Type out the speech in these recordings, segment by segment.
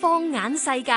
放眼世界，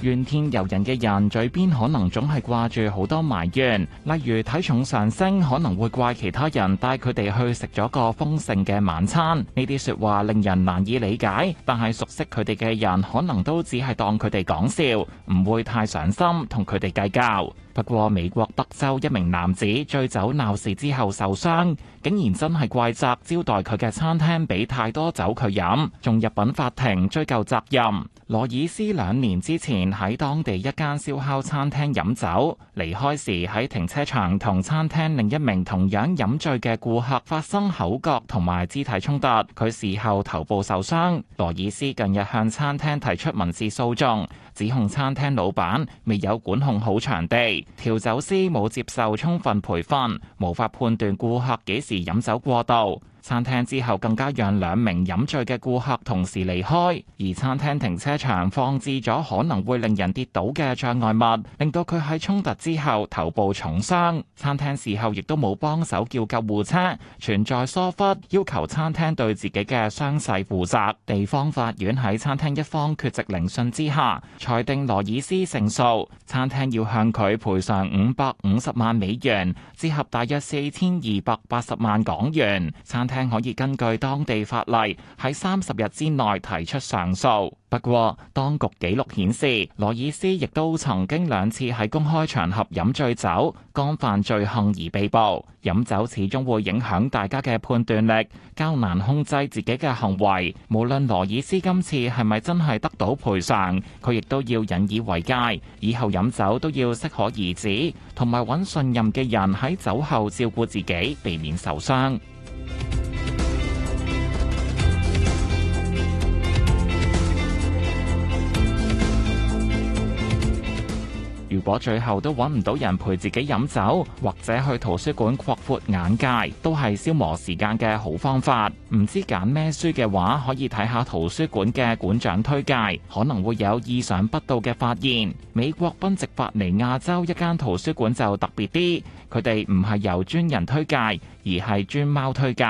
怨天尤人嘅人，嘴邊可能總係掛住好多埋怨，例如體重上升，可能會怪其他人帶佢哋去食咗個豐盛嘅晚餐。呢啲說話令人難以理解，但係熟悉佢哋嘅人，可能都只係當佢哋講笑，唔會太上心同佢哋計較。不過，美國德州一名男子醉酒鬧事之後受傷，竟然真係怪責招待佢嘅餐廳俾太多酒佢飲，仲入禀法庭追究責任。羅爾斯兩年之前喺當地一間燒烤餐廳飲酒，離開時喺停車場同餐廳另一名同樣飲醉嘅顧客發生口角同埋肢體衝突，佢事後頭部受傷。羅爾斯近日向餐廳提出民事訴訟，指控餐廳老闆未有管控好場地。調酒師冇接受充分培訓，無法判斷顧客幾時飲酒過度。餐廳之後更加讓兩名飲醉嘅顧客同時離開，而餐廳停車場放置咗可能會令人跌倒嘅障礙物，令到佢喺衝突之後頭部重傷。餐廳事後亦都冇幫手叫救護車，存在疏忽，要求餐廳對自己嘅傷勢負責。地方法院喺餐廳一方缺席聆訊之下，裁定羅爾斯勝訴，餐廳要向佢賠償五百五十萬美元，折合大約四千二百八十萬港元。餐聽可以根據當地法例喺三十日之內提出上訴。不過當局記錄顯示，羅爾斯亦都曾經兩次喺公開場合飲醉酒，幹犯罪行而被捕。飲酒始終會影響大家嘅判斷力，較難控制自己嘅行為。無論羅爾斯今次係咪真係得到賠償，佢亦都要引以為戒，以後飲酒都要適可而止，同埋揾信任嘅人喺酒後照顧自己，避免受傷。如果最後都揾唔到人陪自己飲酒，或者去圖書館擴闊眼界，都係消磨時間嘅好方法。唔知揀咩書嘅話，可以睇下圖書館嘅館長推介，可能會有意想不到嘅發現。美國賓夕法尼亞州一間圖書館就特別啲，佢哋唔係由專人推介，而係專貓推介。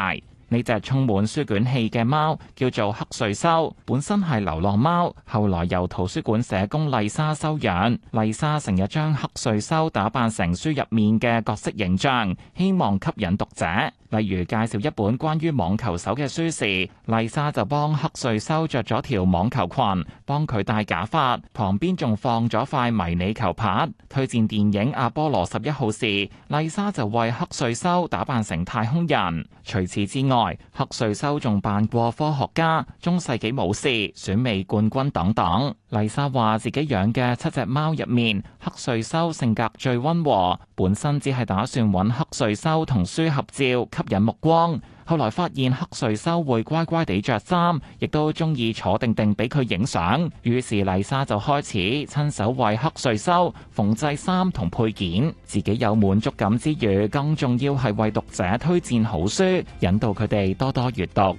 呢隻充滿書卷氣嘅貓叫做黑瑞修，本身係流浪貓，後來由圖書館社工麗莎收養。麗莎成日將黑瑞修打扮成書入面嘅角色形象，希望吸引讀者。例如介紹一本關於網球手嘅書時，麗莎就幫黑瑞修着咗條網球裙，幫佢戴假髮，旁邊仲放咗塊迷你球拍。推薦電影《阿波羅十一號》時，麗莎就為黑瑞修打扮成太空人。除此之外，黑瑞修仲扮過科學家、中世紀武士、選美冠軍等等。麗莎話：自己養嘅七隻貓入面，黑瑞修性格最溫和。本身只係打算搵黑瑞修同書合照，吸引目光。後來發現黑瑞修會乖乖地着衫，亦都中意坐定定俾佢影相。於是麗莎就開始親手為黑瑞修縫製衫同配件，自己有滿足感之餘，更重要係為讀者推薦好書，引導佢哋多多閱讀。